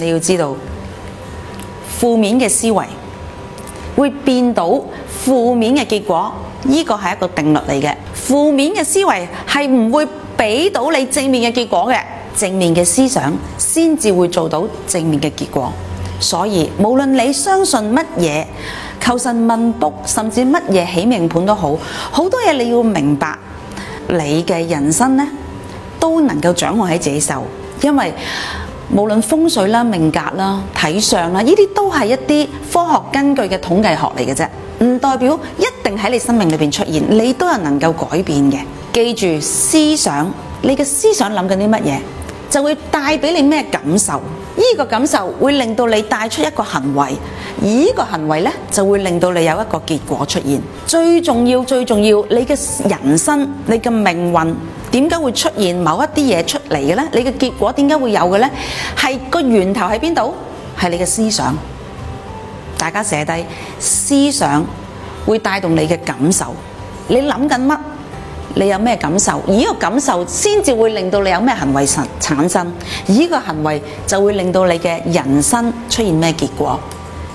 你要知道，負面嘅思維會變到負面嘅結果，呢個係一個定律嚟嘅。負面嘅思維係唔會俾到你正面嘅結果嘅，正面嘅思想先至會做到正面嘅結果。所以無論你相信乜嘢，求神問卜，甚至乜嘢起命盤都好，好多嘢你要明白，你嘅人生呢都能夠掌握喺自己手，因為。無論風水啦、命格啦、體相啦，呢啲都係一啲科學根據嘅統計學嚟嘅啫，唔代表一定喺你生命裏面出現，你都有能夠改變嘅。記住思想，你嘅思想諗緊啲乜嘢，就會帶俾你咩感受，呢個感受會令到你帶出一個行為，而呢個行為呢就會令到你有一個結果出現。最重要最重要，你嘅人生，你嘅命運。點解會出現某一啲嘢出嚟嘅咧？你嘅結果點解會有嘅咧？係個源頭喺邊度？係你嘅思想。大家寫低，思想會帶動你嘅感受。你諗緊乜？你有咩感受？而呢個感受先至會令到你有咩行為產生。生。而呢個行為就會令到你嘅人生出現咩結果？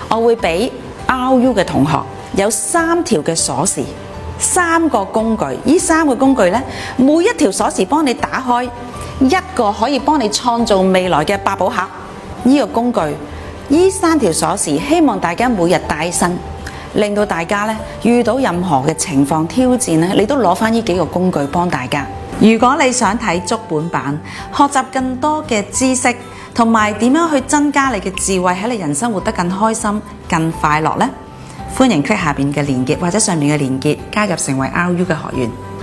我會俾 RU 嘅同學有三條嘅鎖匙。三個工具，呢三個工具呢，每一條鎖匙幫你打開一個可以幫你創造未來嘅百寶盒。呢個工具，呢三條鎖匙，希望大家每日帶身，令到大家呢，遇到任何嘅情況挑戰呢，你都攞返呢幾個工具幫大家。如果你想睇足本版，學習更多嘅知識，同埋點樣去增加你嘅智慧，喺你的人生活得更開心、更快樂呢？歡迎 click 下面嘅連結或者上面嘅連結，加入成為 RU 嘅學員。